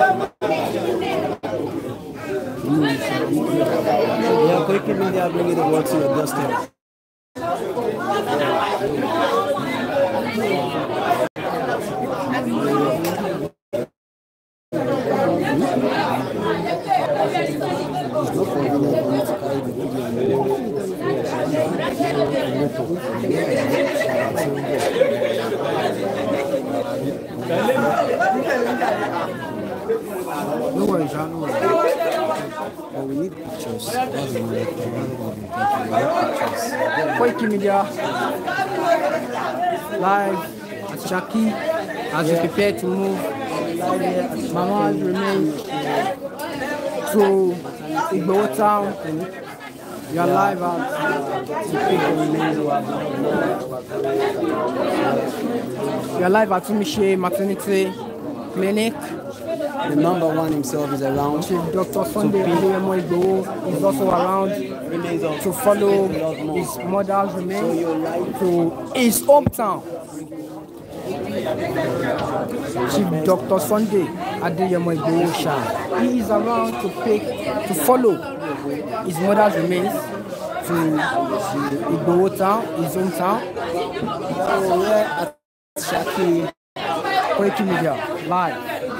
हम्म। कोई किडनी आदमी की तो बहुत सी अदस्त है Quake Media live at Shaki as yeah. we prepare to move. Mama remains to Igbo town. You are live at uh, You are live at Tumishe Maternity Clinic. The number one himself is around. Chief Dr. Sunday Adeyemo Igboho is also around to follow his mother's remains to his hometown. Chief Dr. Sunday Adeyemo Igboho Sha. He is around to pick to follow his mother's remains to Igboho town, his hometown. So we're at Shaki Breaking Media live.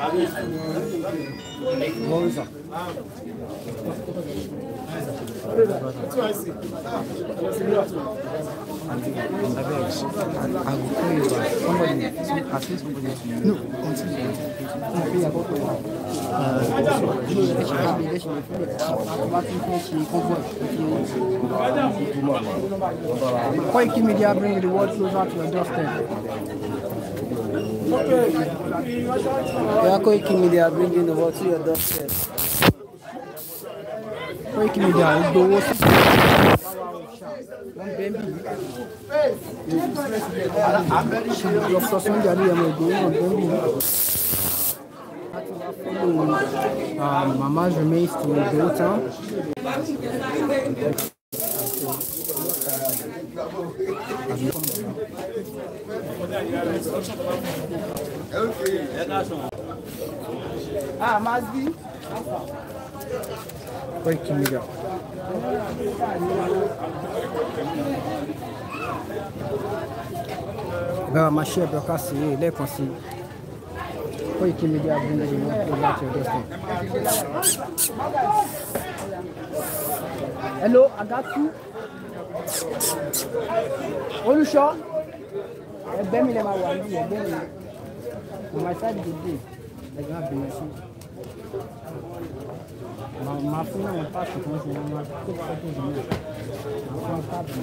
I will call you back. Somebody, No, to your doorstep. Jako iki milyar bringing the water to your doorstep. Kwa iki milyar ìgbowó sí. Wọ́n bẹ́ẹ̀ bí Dr. Sunday Adéyẹmọ ìgbowó náà bẹ́ẹ̀ Ah, mas vi. Olha que legal. Bẹ́ẹ̀ wa máa ṣe ẹ̀bẹ̀ ọ̀ká sí i lẹ́ẹ̀kan sí i. Koiki Media abúlé yìí wọ́n kó láti ọ̀dọ̀ sọ. Hello, Agatu. Olùṣọ́ ẹgbẹ́ mi lè máa wà níbi ẹgbẹ́ mi mo máa ṣáàjì gbogbo ẹgbẹ́ máa sí màá fún àwọn páàkì tó ń ṣe máa tó fọ́tò sí náà màá fún àwọn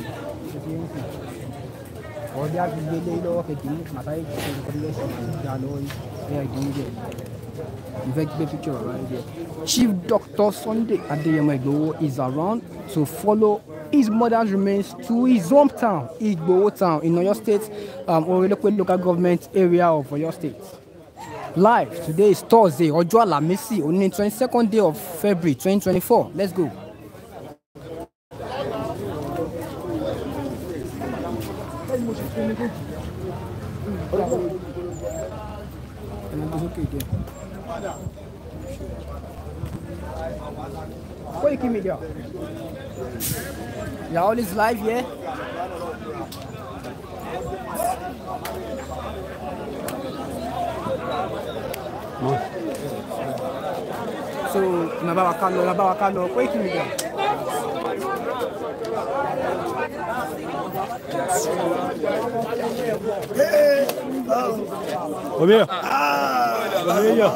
tó ti ń sìn ọdẹ àgbègbè lé lọ́wọ́ kẹ̀kẹ́ ní màtáyé tó ń kọ́ lẹ́sẹ̀ ìdá lọ́wọ́ ẹ̀yà ìgbìmọ̀ You get the picture around Chief Doctor Sunday Adeyemo Igboho is around to follow his mother's remains to his hometown, Igboho town in Oyo State, um, Orelepe local government area of Oyo State. Live today is Thursday, Ọjọ́ Alamisi, on the 22nd day of February 2024. Let's go. What Koiki Media. E alles live, yeah. Bon. So, naba wakalo, naba wakalo, kwa hiki mida. Hey! Comigo? Ah! Comigo?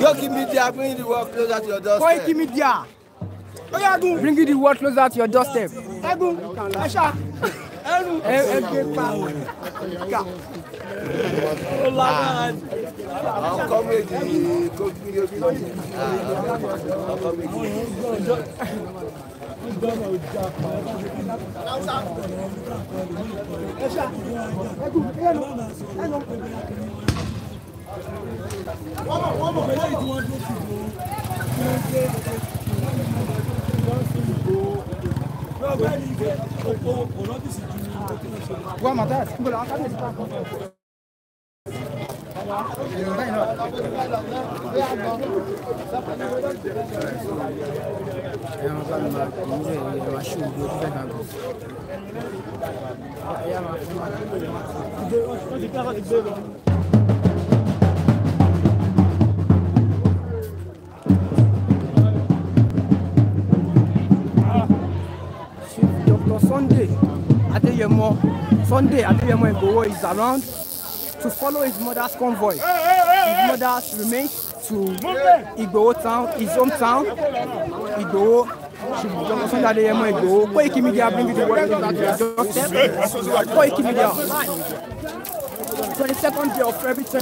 Koiki Media, bring the world closer to your doorstep. Koiki Media. Bring the world closer to your doorstep. Egun, Asha lẹ́rù ẹgbẹ́ pa ká ó lágbára ni. àwọn kọ́mẹ́dì kó kiri omi lọ́yẹ̀ àwọn kọ́mẹ́dì. Wọ́n mọ̀ wọ́n mọ̀ pé lẹ́yìn tí wọ́n dún sí i ló ń gbé. Wọ́n mọ̀ tẹ́lẹ̀ síbò lọ́wọ́ Adeyemo, Sunday Adeyemo Igboho is around to follow his mother's convoy. His mother remains to Igboho town, his hometown, Igboho. Sunday Adeyemo Igboho. Koiki Media bring you the world that we are just Koiki Media. 22nd day of February 20.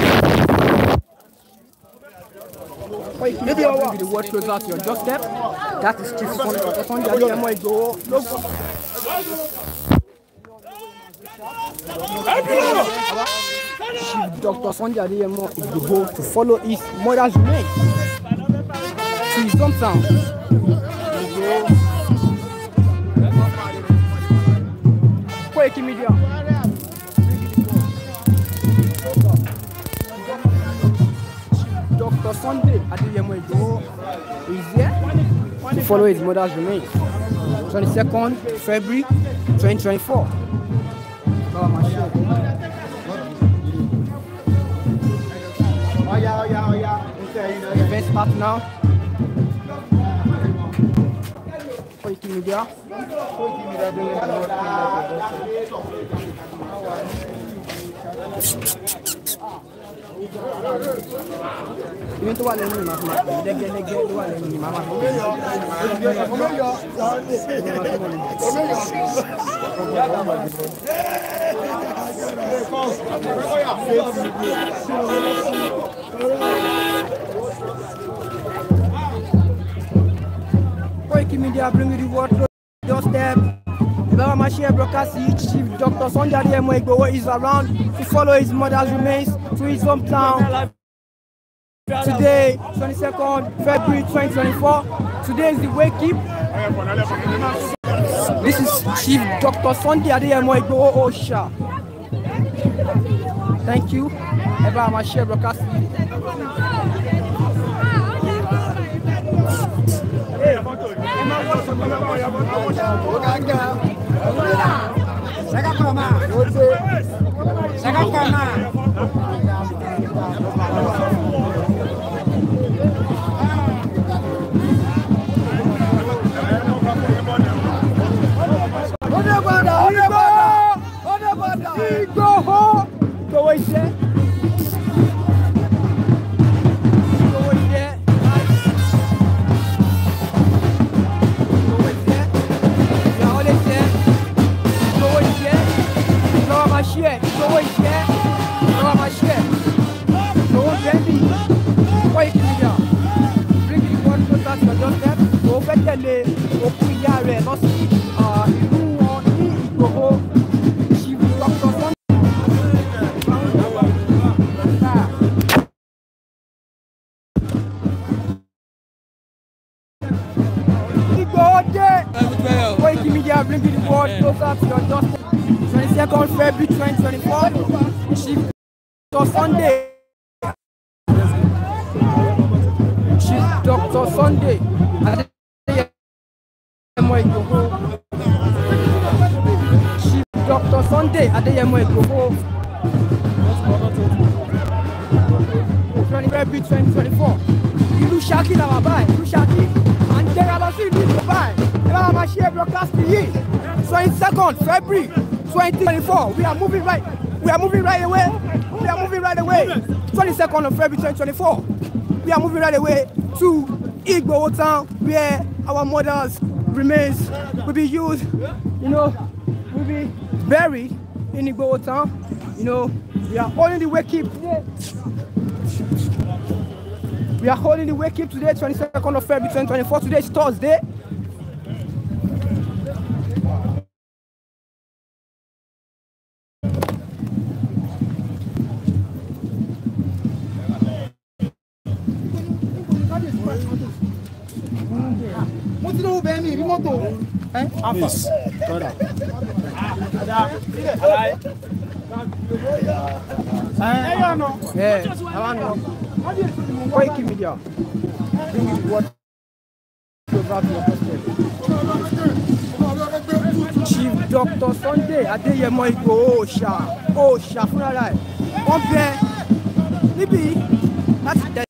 Maybe I will be the word closer to your doorstep. That is Chief Sunday Adeyemo Igboho. Chief Dr. Sunday Adeyemo Igboho to follow his mother's remains to his hometown. Koiki Media. Dr. Sunday Adeyemo is here to follow his mother's remains. 22nd February 2024. Olha, olha, olha. vem esse papo, não. Foi que melhor. Foi que melhor. ìwé tó wà lẹ́nu ìmọ̀ fún wa lẹ́gẹ́lẹ́gẹ́ ló wà lẹ́nu ìmọ̀ wa. Koiki Media bring you the word to your step. The Baba Mashiach broadcast chief Dr. Sonjari Emo is around to follow his mother's remains to his hometown. Today, 22nd February 2024, today is the wake up. This is Chief Dr. Sunday Adeyemo Igboho Osha. Thank you. Everyone, my share broadcast. Second February 2024. She Dr. Sunday. She Dr. Sunday. She Dr. Sunday Adeyemo Igboho. February 2024. Ìlú Ṣakí la wà báyìí, ìlú Ṣakí. And ń tẹ́ra lọ sí ìlú Dubai. Ẹ bá wa máa ṣe broadcast yìí. Twenty second February. 2024. We are moving right. We are moving right away. We are moving right away. 22nd of February 2024. We are moving right away to Igbo town where our mothers remains will be used, you know, will be buried in Igbo town. You know, we are holding the wake up We are holding the wake up today, 22nd of February 2024. Today is Thursday. mọ́tò afas kọ́dà. ẹ yọ ọ̀nà. ẹ àwọn ọ̀nà Koiki Media. Chief Dr. Sunday Adéyẹmọ Igboho òòṣà òòṣà fúnra rẹ̀ wọ́n bẹ níbí láti dẹ́.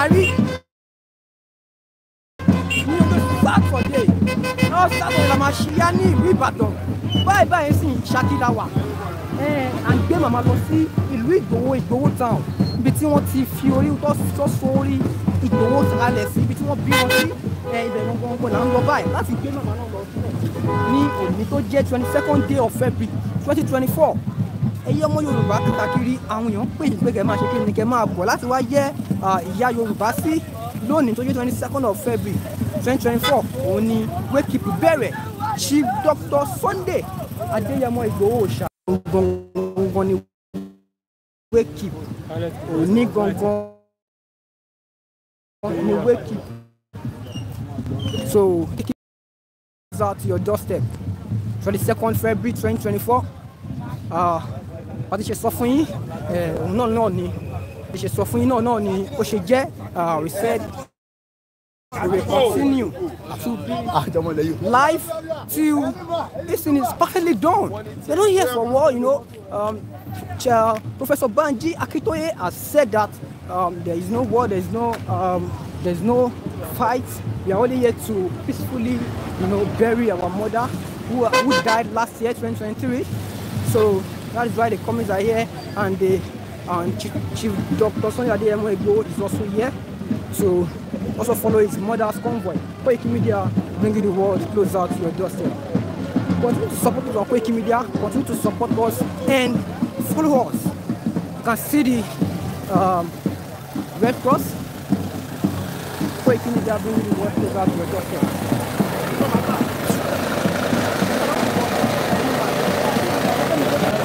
parí. mi ò lè start for day náà start la máa ṣíyá ní ìlú Ìbàdàn báyìí báyìí sì ṣàkílà wà à ń gbé màmá lọ sí ìlú Ìgbòho Ìgbòho town ibi tí wọ́n ti fi orí tó so orí Ìgbòho kalẹ̀ sí ibi tí wọ́n bí wọn sí ibẹ̀ gangan gbọ́n ń lọ báyìí láti gbé màmá náà lọ sílẹ̀ ní òní tó jẹ́ twenty second day of February twenty twenty four ẹyẹ ọmọ yorùbá káàkiri àwọn èèyàn pè yín pé máa ṣe kí ni kẹ́ máa bọ̀ láti wá yẹ ìyá yorùbá sí lónìí tó jẹ́ twenty second of february twenty twenty four òun ni wake up bẹ̀rẹ̀ chief doctor sunday adéyẹmọ ìgbòho òòṣà gangan ni wake up òní gangan ni wake up so take out to your doorstep twenty second february twenty twenty four wọ́n ti ṣe sọ fún yín òun náà náà ni ti ṣe sọ fún yín náà náà ni ó ṣe jẹ́ we said we will continue life till this thing is perfectly done they don't hear for war you know um, Professor Banji Akintoye has said that um, there is no war there is no um, there is no fight we are only here to peacefully you know bury our mother who, who died last year 2023 so. That's why the commies are here and the and Chief, Chief Dr. Sonia Adeyemo Igboho is also here to also follow his mother's convoy. Koiki Media bringing the world closer to your doorstep. Continue to support us on Koiki Media, continue to support us and follow us. You can see the um, Red Cross. Koiki Media bringing the world closer to your doorstep.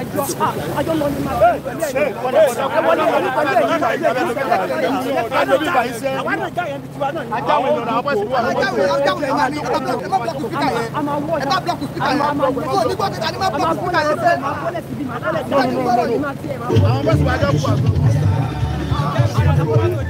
ẹjọ́ a ajọ́ lọ ní máa bẹ̀rẹ̀ pẹ̀lú ẹ̀yìn ẹ̀wọ́n náà wọlé pẹ̀lú ẹ̀yìn náà ẹ̀yìn náà ẹ̀yìn náà ẹ̀yìn àwọn náà jáyẹ̀ ní tiwa náà ní. ajáwé lọ́nà àwọn ẹ̀sìn wà lọ́wọ́. ajáwé ajáwé ẹ̀yìn àmì ẹ má blọọkù spíkà yẹn ẹ má blọọkù spíkà yẹn kó o ní gbọ́dọ̀ ká ní má blọọkù spíkà yẹn fẹ́. àwọn mẹ́sàn-án ajá kú àgbọ̀.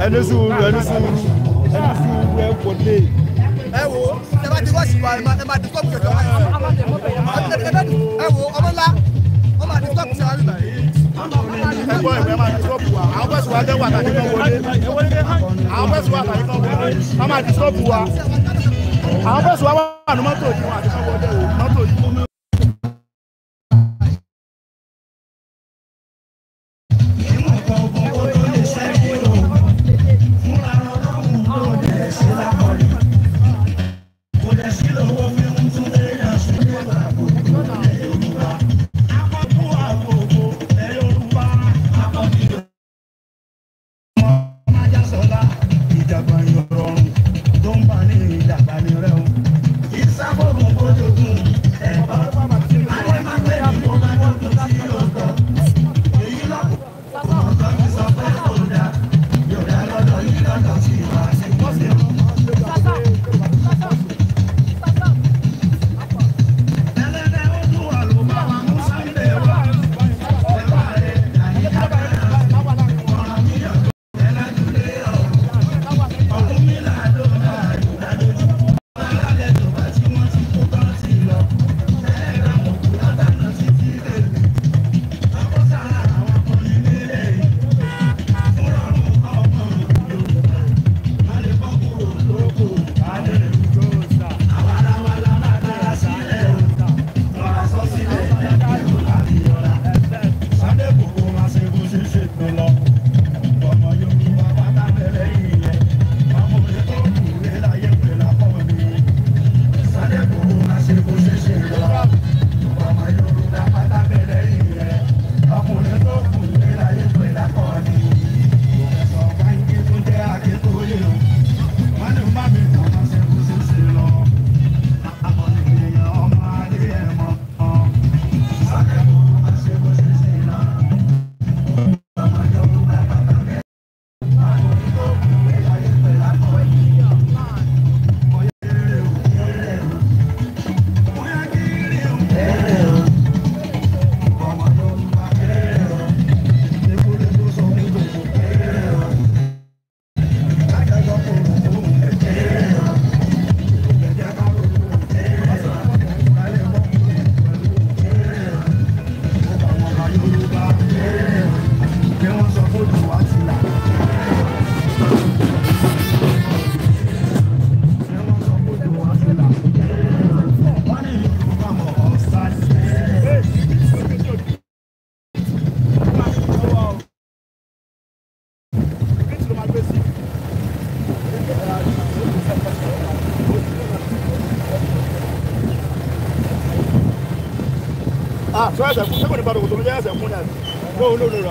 ẹni sùúrù ẹni sùúrù ẹni sùúrù ẹ wọlé. ẹ wo ẹ máa di wọ́ọ̀sì wa ẹ máa di kọ́ọ̀pù ṣẹ̀ṣẹ̀ wa ẹ wo ọmọ ńlá ọ máa di kọ́ọ̀pù ṣẹ̀ṣẹ̀ wa rí báyìí. ẹ gbọ́ ìwé máa di kọ́ọ̀pù wa àwọn fẹ́sùn wa dẹ́wà tàbí kan wọlé àwọn fẹ́sùn wa tàbí kan wọlé wọ́n máa di kọ́ọ̀pù wa àwọn fẹ́sùn wa wà nù yìí wọn àti kan wọlé o. so ẹsẹ̀ kún sẹ́kùn ní kò tó ń jẹ́ ẹsẹ̀ kún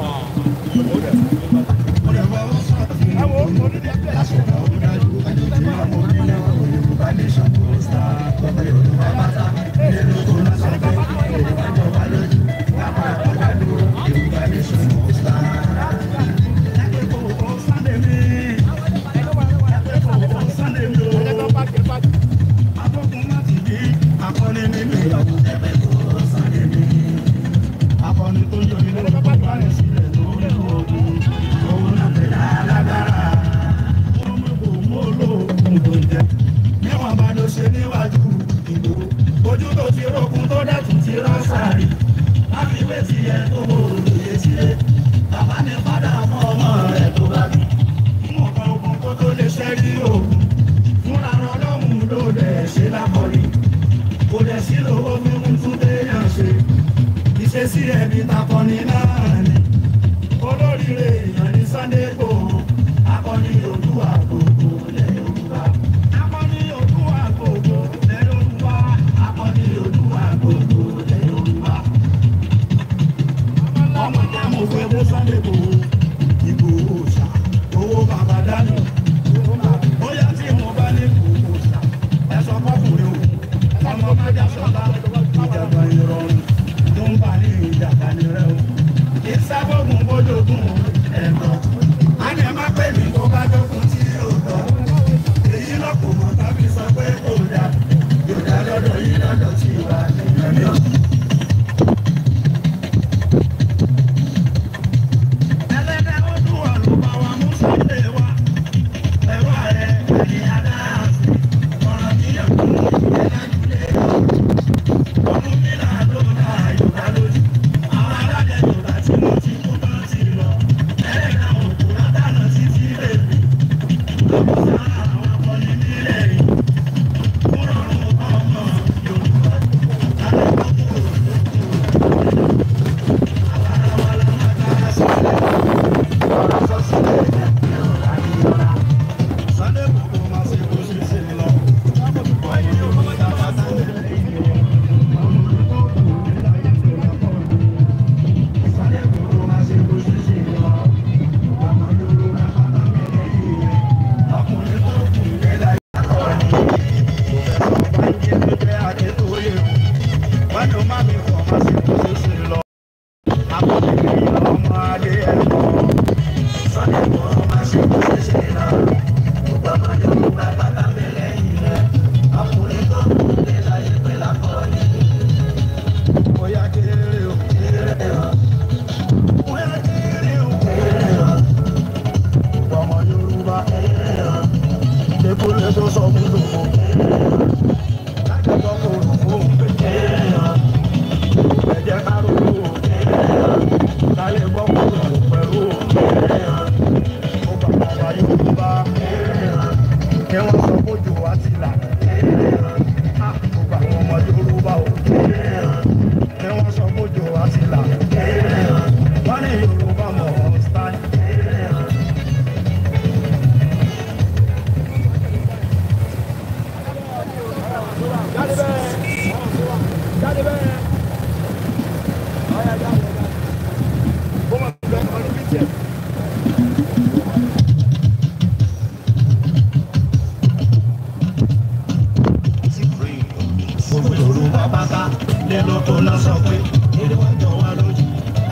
lẹ́nu tó ná sọ pé eré wá jọ wá lójú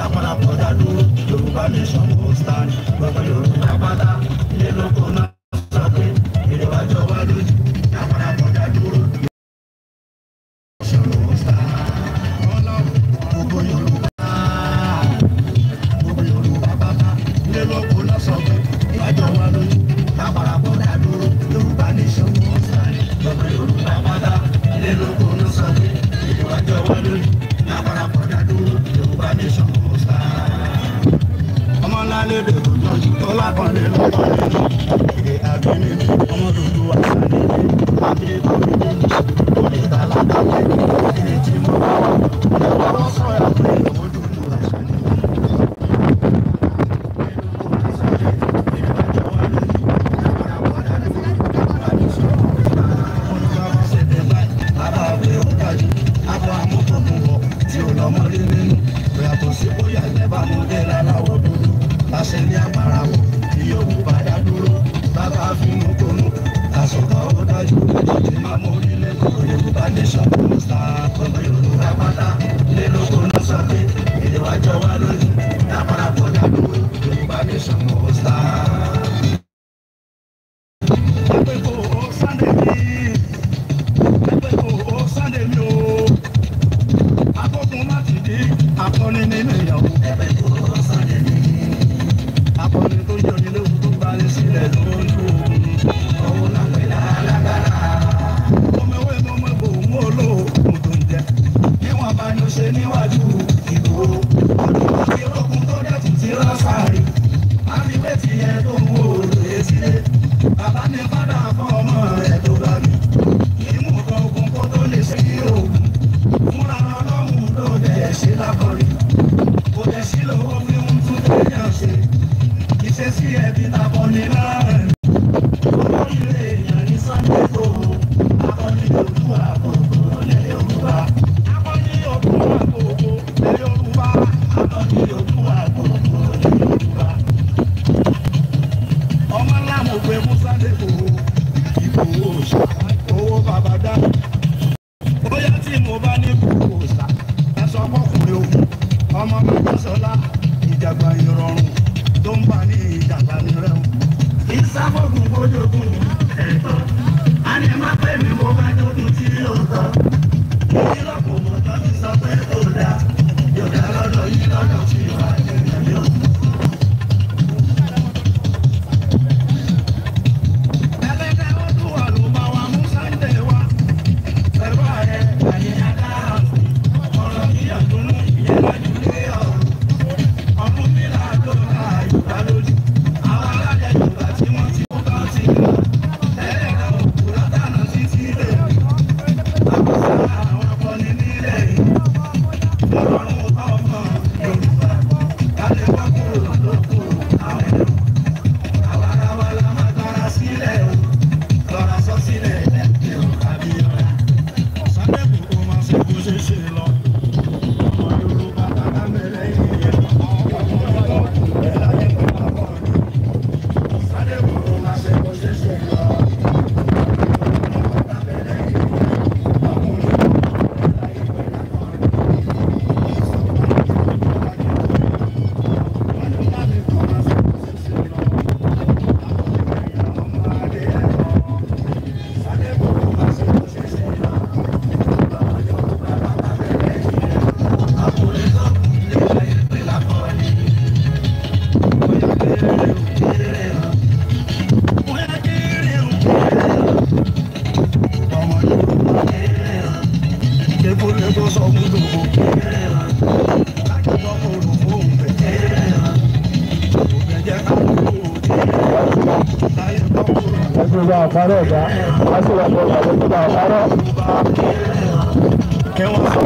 àpàlà bọ̀dá dúró Yorùbá nation kò stand gbọ̀ngàn Yorùbá pátá lẹ́nu tó ná bá a parẹ́ ẹ̀dá a sì wà lọ́wọ́ àwọn tó bá a parọ́. kí wọ́n sọ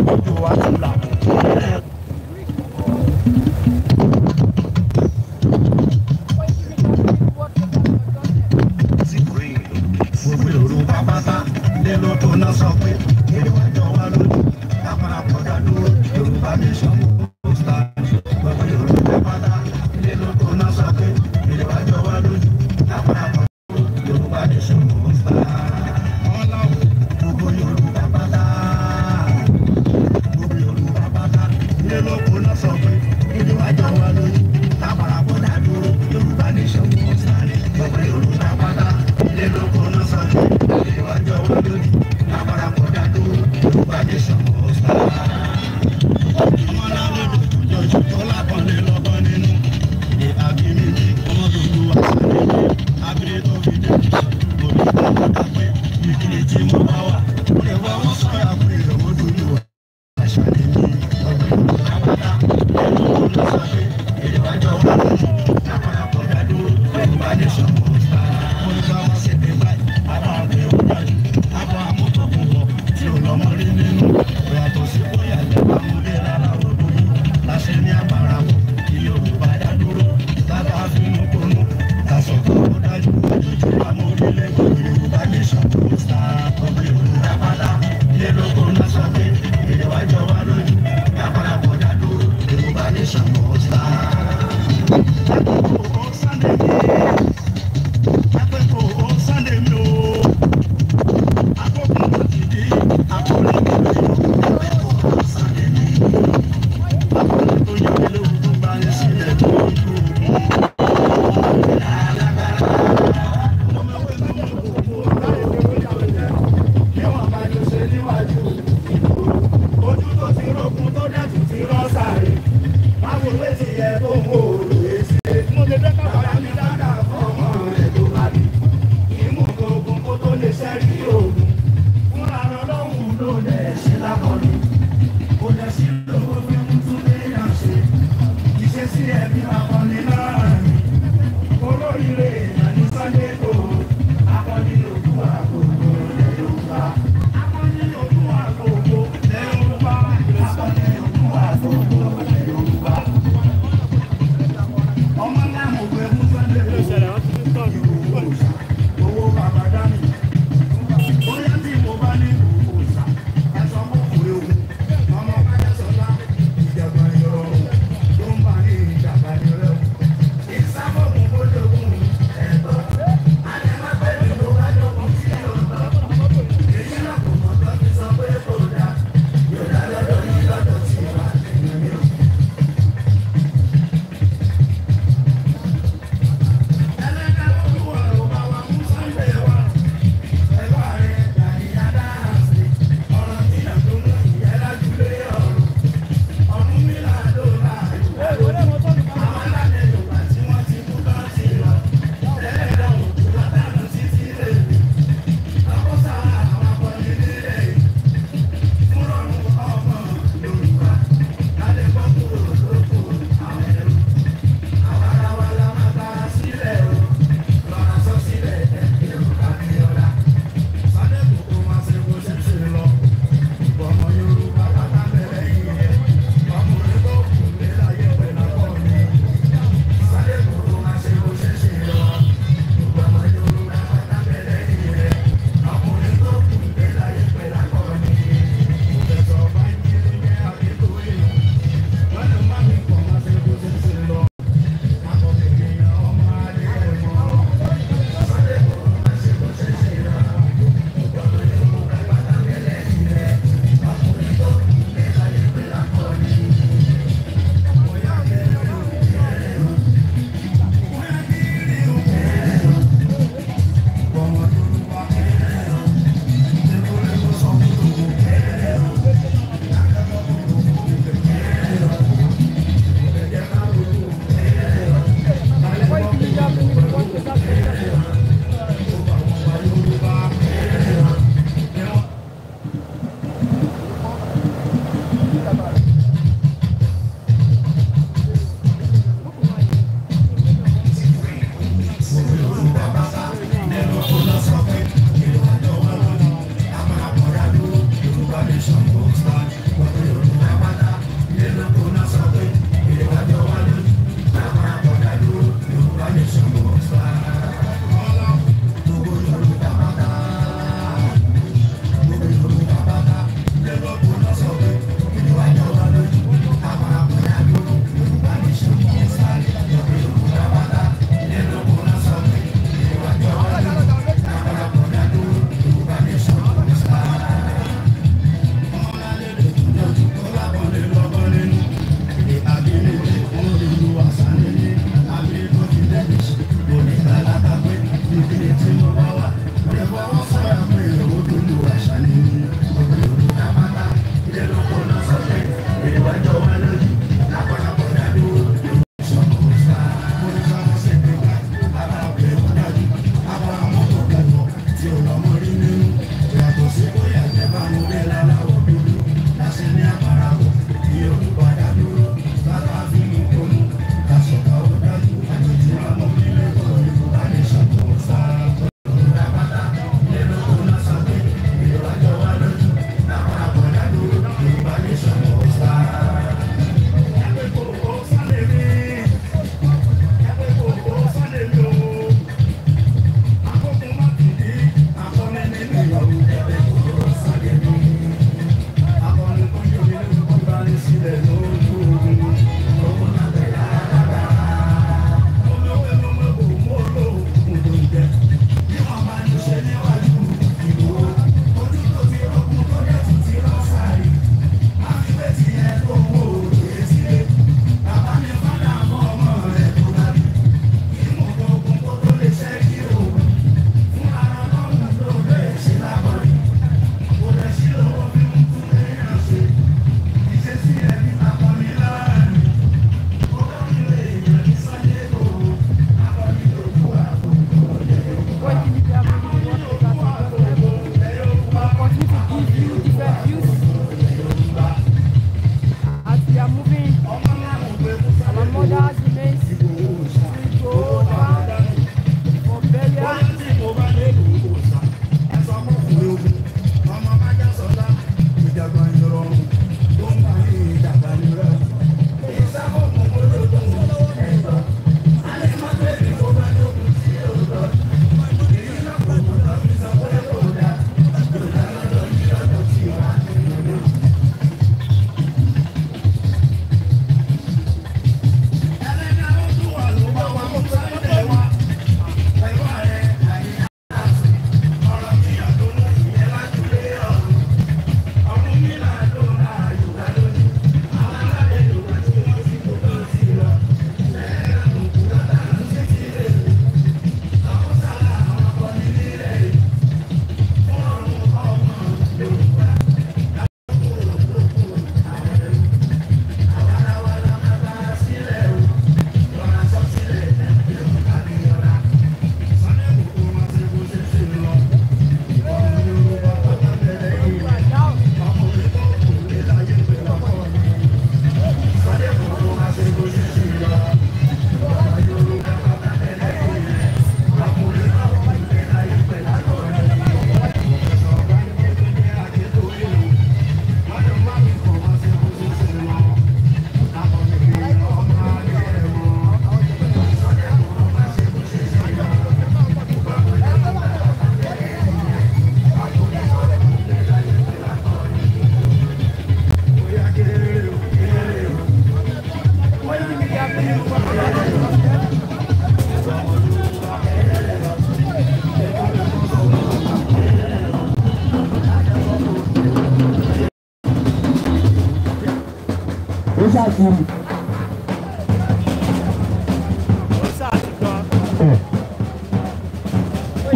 yìí.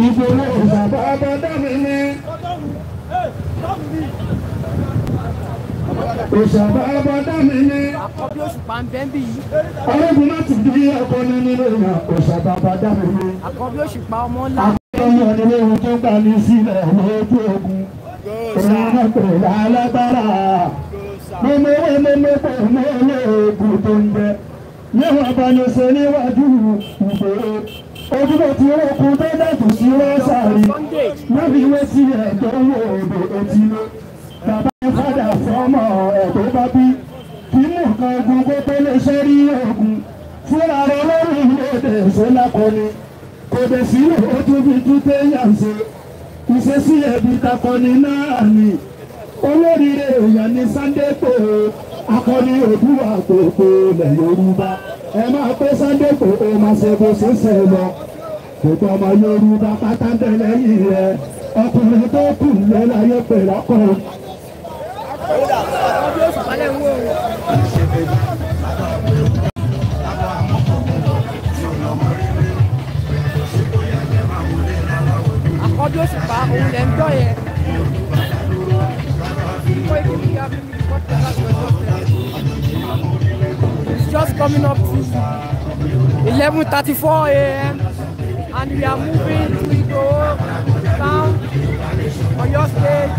Ibo ló ń bàbá ọmọ dọ́mi ni. Òṣàbá ọmọ dọ́mi ni. Ọlọ́run láti bí ọkọ ní nínú ìwà òṣàbá ọmọ dọ́mi ni. Àkọ́bí òṣùpá ọmọ ńlá. Akọ́bí ọdún léwu tó gbà ní sílẹ̀ lójú ogun. Òṣàbá ọmọ dọ́mi ni gbogbo owó mẹ́mẹ́ pọ̀ mọ́ olóògùn tó ń bẹ níwọ̀n abánisẹ́ níwájú ìgboro ojúbọ tí ó kú tó dàtò sí rọ́ṣàrí lórí ìwé sí ẹ̀dọ́ wo òdò etí ló bàbá ń fàdà fọ́mọ ẹ̀dọ́ bá bí kí mú nǹkan ogun kó tó lè ṣe rí ogun fúnra rẹ lórí ìlédè ìṣẹ́lákọni kò dé sílò ó tún fi tún téèyàn ṣe ìṣesí ẹ̀bí takọni náà ni olóríire èèyàn ní Sunday Igboho akọni Oòduà gbogbo ilẹ̀ Yorùbá ẹ máa pé Sunday Igboho máa ṣe bó ṣe ṣe lọ gbogbo ọmọ Yorùbá pátá tẹ̀lé yìí rẹ ọkùnrin tó kù lé láyé pè lọ́kọ̀. Àkọ́bí Òṣùpá òun lè yẹn. It's just coming up to 11.34 a.m. and we are moving to Igbo town, Oyo State.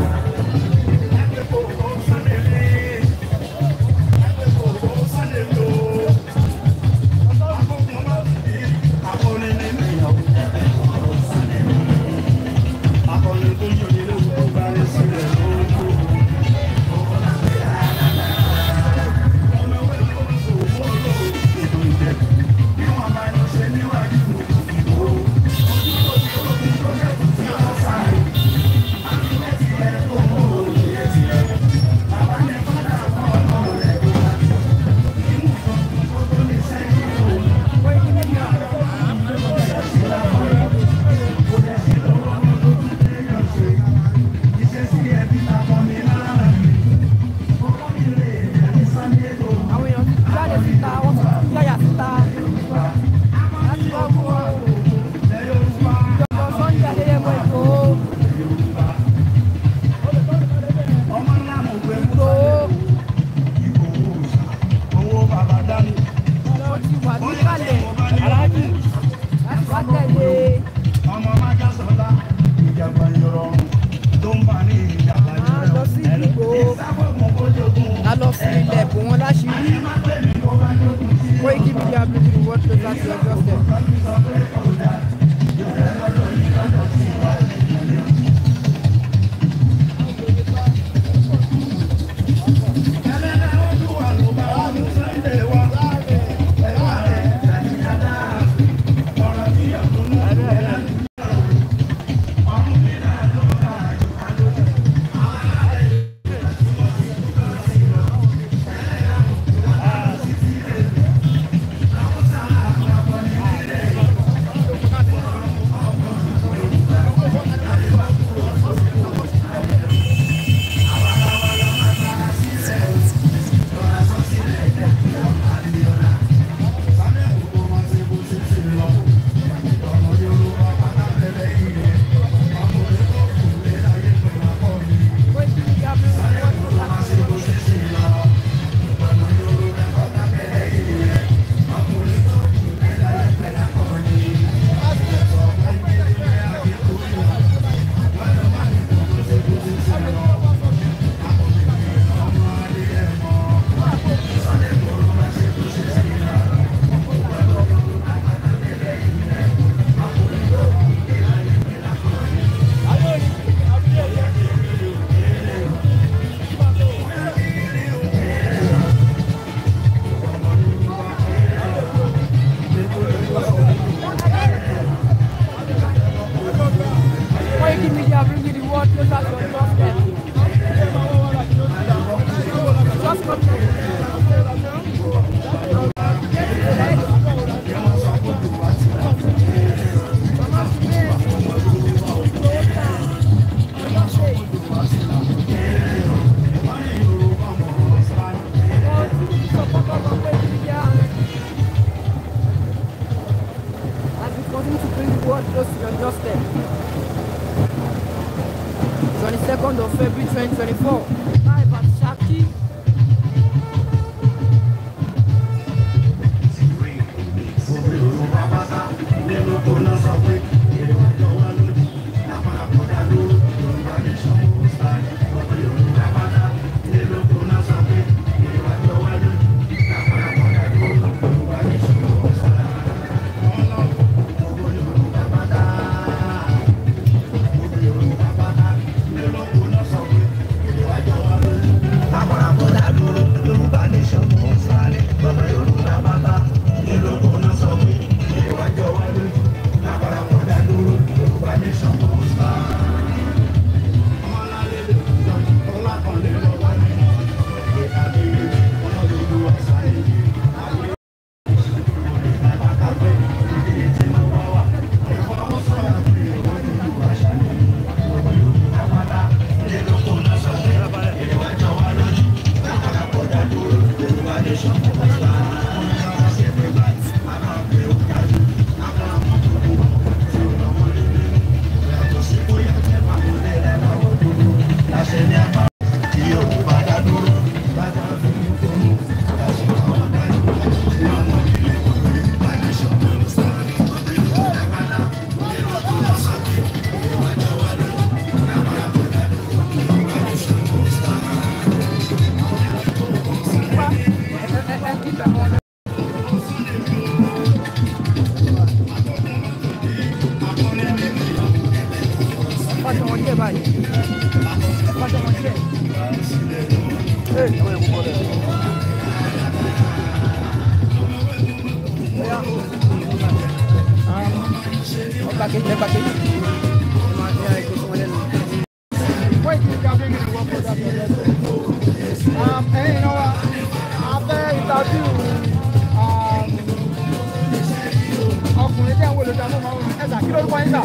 ẹ̀sà kí lórúkọ yín sà.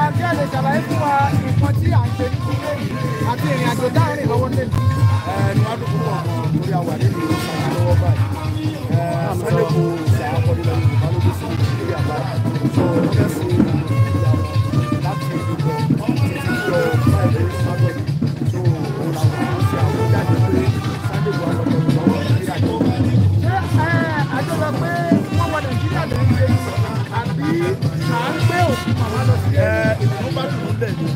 àti ẹ̀ lè ṣàlàyé fún wa nǹkan tí à ń ṣe ní ilé àti ìrìn àjò dáhùn lọ́wọ́ lé. ẹnu adùnkù wà lórí àwọn àdéhùn ìṣàkóso lọ́wọ́ báyìí. ẹ̀ẹ́dẹ́gbò ṣàkóso lọ́wọ́ ìbálòpọ̀ sí ìdílé àbá. sọ ọ́ kẹ́sì ìyàwó láti ìdúgbò ìjọ ẹ̀ẹ́dẹ́gbò ìdùnnú bá dùnnú bẹ̀ ni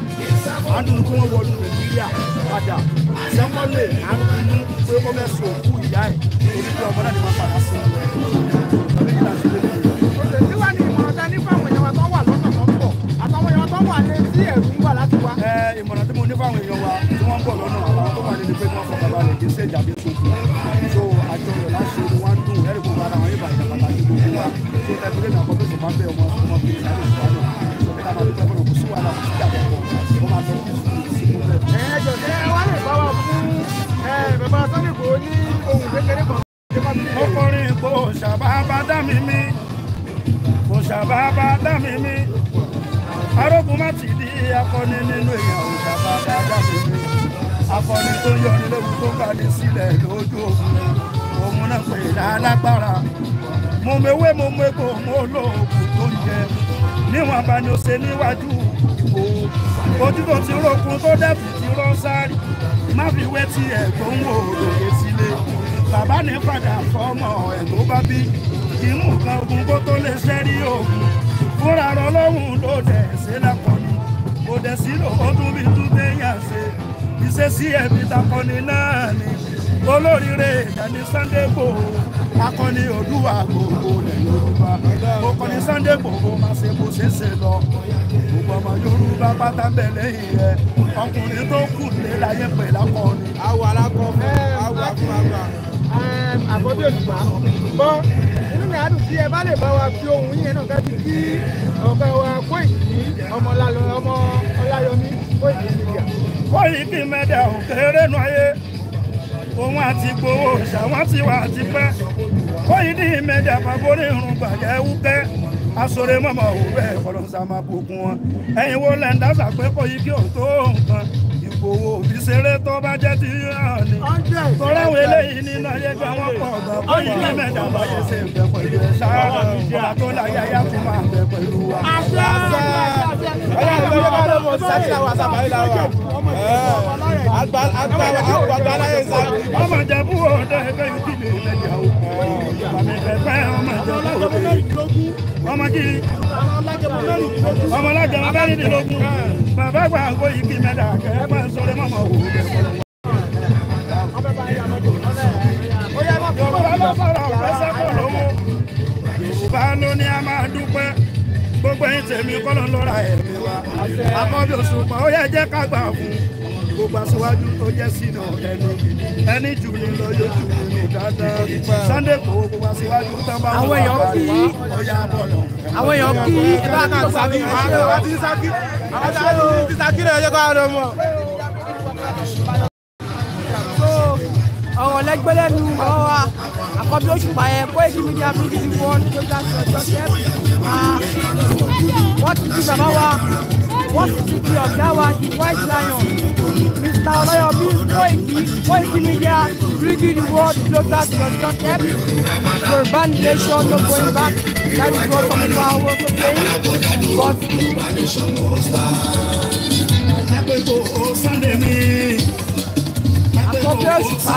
à ń dùnnú kí wọ́n wọlé nàìjíríà padà sẹ́kọ́ndé à ń dùnnú pé ó bẹ́ sọ òkú ìyá ẹ̀ èyí tí ọmọ náà ni wọ́n padà sí kí wàá ní ìmọ̀ràn ta ní fáwọn èèyàn tó wà lọ́nà tó ń bọ̀ àtàwọn èèyàn tó wà lé sí ẹ̀rù ń wà láti wá. ẹ ìmọ̀ràn tí mo ní fáwọn èèyàn wa tí wọ́n ń bọ̀ lọ́nà àwọn tó wà lé ní pé wọ́n fọkàn balẹ̀ kì í ṣe ìjàmbá sókè so àjọyọ̀ láṣẹ ni wọ́n ń dùn ẹ̀rì gbogbo ara wọn yóò bàjẹ́ pàtàkì gbogbo wa so ẹgbẹ́ náà kọ́ pé sọ máa bẹ ọmọ ọmọ bíi ìyá dá mi mí kò ṣàbá bá dá mi mí arógun má ti di akọni nínú èèyàn ò ṣàbá bá dá mi mí akọni tó yọni lógun tó kàdé sílẹ̀ lójú òkun òun náà pè lálágbára mo mewé mo meko mo lóògùn tó yẹ níwọ̀n bá ni níwájú ìbò ojú tó ti rókun tó dẹ̀tù ti rọ́ sáré má fi wé tiẹ̀ tó ń wò lóye sílé bàbá ní padà fọmọ ẹ̀ tó bá bí ti mú nǹkan ogun kó tó lè ṣẹ́rí ogun fúnra rọ lọ́hùn ló dẹ̀ ṣe lákọni kò dẹ̀ sí lòódùn bí túndé yàn ṣe ìṣesí ẹ̀mí takọni náà ni olóríire ìdání Sunday Igboho akọni Oòduà gbogbo ilẹ̀ Yorùbá mo kọni Sunday Igboho máa ṣe kó ṣeé ṣe lọ gbogbo ọmọ Yorùbá pátá bẹ̀ lẹ́yìn rẹ ọkùnrin tó kù lé láyé pẹ̀lú akọni. àwọn alákọ̀ọ́ fún àwọn akọ̀ọ́ àgbà àkọ́bí òṣùpá bọ́ inú mi àdùn tí ẹ bá lè bá wa fi ohun yẹn náà kájú kí ọ̀gá wa kó ìdí ọmọ ọláyọmí kó ìdí nìyà. kó ìdí mẹ́ta òkèrè nù ayé òun àti gbowó ṣàwọn ti wà àti pẹ́ kó ìdí mẹ́ta fàbórí irun gbàgẹ́ wúkẹ́ asore mọ̀mọ́ òwúrẹ́ ọlọ́sàmà gbogbo wọn ẹ̀yin wo lẹ́ńdà sàpé kó yí kí òun tó nǹkan fowó òbí tó bá jẹ́ ti hàn ni. tọ́láwọ̀ eléyìí nínú ayé gba wọn pọ̀ ọ̀gá pé ìlú mẹ́ta báyé ṣe ń pẹ̀lú ẹ̀ sáà ọ̀gá tó láyé ayá fún máa bẹ pẹ̀lú wa. àṣà ọmọ jẹ̀bú ọ̀dọ́ ẹgbẹ́ yìí dìde lẹ́yìn àwọn ẹgbẹ́ ọmọ jẹ̀bú ọ̀dọ́ ọmọ kí ọmọ alájà mẹ́rìndínlógún bàbá àgbà àgọ́ yìí kí mẹ́ta kẹ́ ẹ máa ń sọ̀rọ̀ mọ́mọ́ òwò bẹ́ẹ̀. Yorùbá ló ní a máa dúpẹ́ ẹ̀yin tèmi kọ́lọ́ lọ́ra ẹ̀mí wa àmọ́dé òṣùpá ó yẹ jẹ́ ká gbà fún gbogbo aṣíwájú tó jẹ́ sínú ẹnu ẹni jù ní lọ́yọ́ jù ní dandan Sunday kò gbogbo aṣíwájú tó bá wọn bá wà ó bọ̀ lọ. àwọn èèyàn kí ẹ bá kà sábì àwọn ọ̀rọ̀ lẹ́gbẹ́lẹ́nu ọ̀rọ̀ àkọ́bí Òṣùpá yẹn Koiki Media bring you one program to your step wọ́n ti di bàbá wa wọ́n sì ti di ọ̀gá wa the white lion Mr. Ọlọ́yọ̀mí Koiki Koiki Media bring you the world program to your step Yorùbá nation no going back that is what some of our work today but. Àkọ́bí Òṣùpá.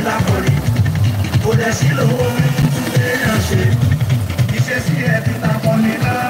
ní lákòrí kò dẹ̀ sí lówó orin tún lè yàn ṣe ìṣesí ẹ̀ ti takọni lára.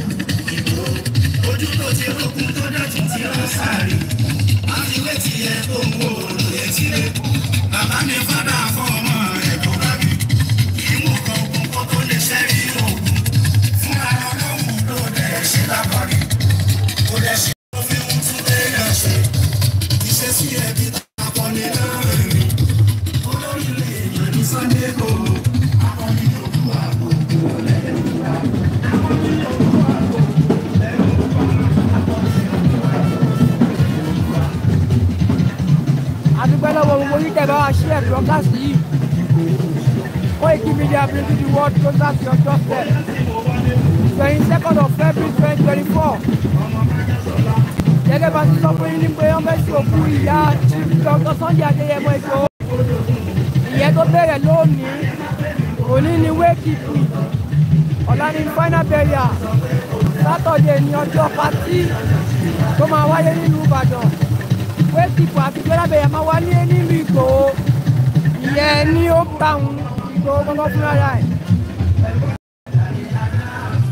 tí kò ṣe ọ. celebrating the world closer to your doorstep. 22nd of February 2024. Gẹ́gẹ́ bá ti sọ fún ní pé wọ́n fẹ́ òkú ìyá Dr. Sunday Adéyẹmọ Ìgbòho. Ìyẹn tó bẹ̀rẹ̀ lónìí, òní ni wéèkìpì, ọ̀la ni final burial, sátọ̀dẹ̀ ni ọjọ́ patí tó máa wáyé nílùú Ìbàdàn. Wéèkìpì àti gbẹ́lábẹ̀yẹ̀ máa wá ní nílùú Ìgbòho. Ìyẹn ni ó gbà wọn tó kọ́kọ́ fúnra rà ẹ̀.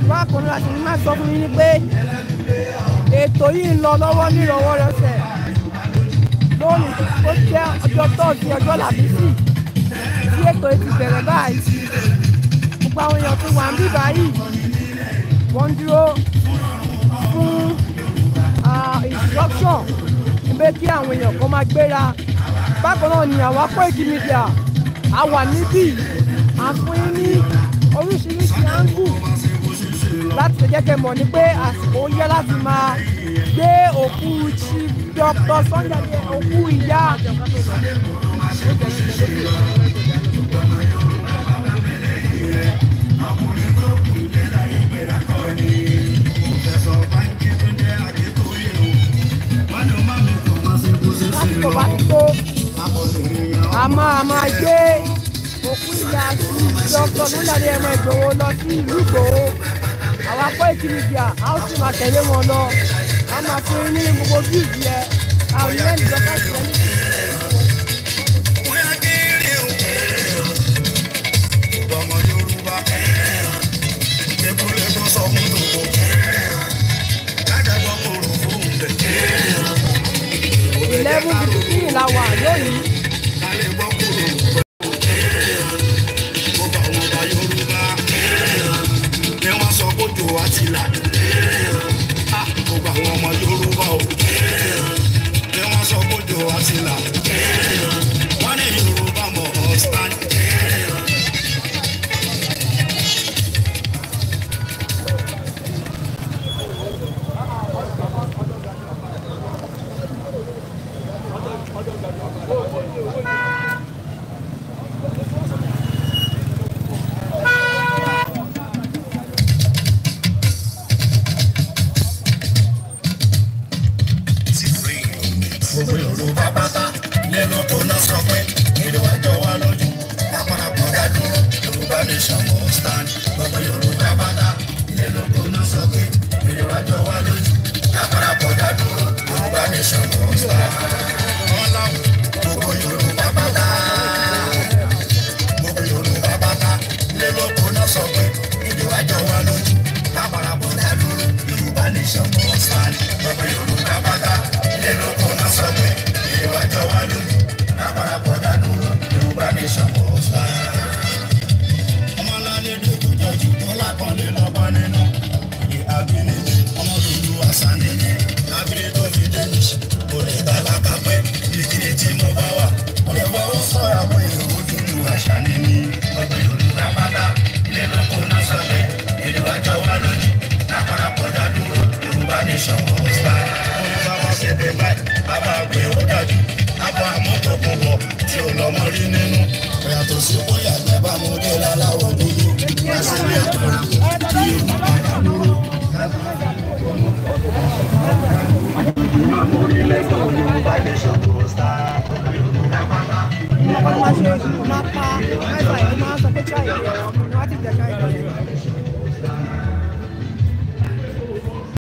bákan náà sì ní máa sọ fún yín pé ètò yìí ń lọ lọ́wọ́ nírọ̀wọ́rọ̀sẹ̀ lónìí ó jẹ́ ọjọ́ tọ́ọ̀sì ọjọ́ làbísì tí ètò yìí ti bẹ̀rẹ̀ báyìí gbogbo àwọn èèyàn tó wà ń bí báyìí wọ́n ń dúró fún instruction pé kí àwọn èèyàn kan máa gbéra bákan náà ni àwọn akọ́ ìdí mídíà a wà níbí a fún yín ní oríṣiríṣi áńgù láti jẹ́ kẹ́ mọ̀ ní pé àsìkò yẹ láti máa gbé òkú Chief Dr. Sunday òkú ìyá. Thank you a máa máa gbé òkú ìyá dr múlàdé ẹ̀mọ ìgbòho lọ sí ìlú ìgbòho àwọn akọ́ ìtìmìtìyà a ó sì máa tẹ̀lé wọn lọ a máa fún yín ní gbogbo bíìsì yẹ àwọn ilé ìjọba ìṣẹ̀lẹ̀ ní. eleven fifteen la wà lónìí.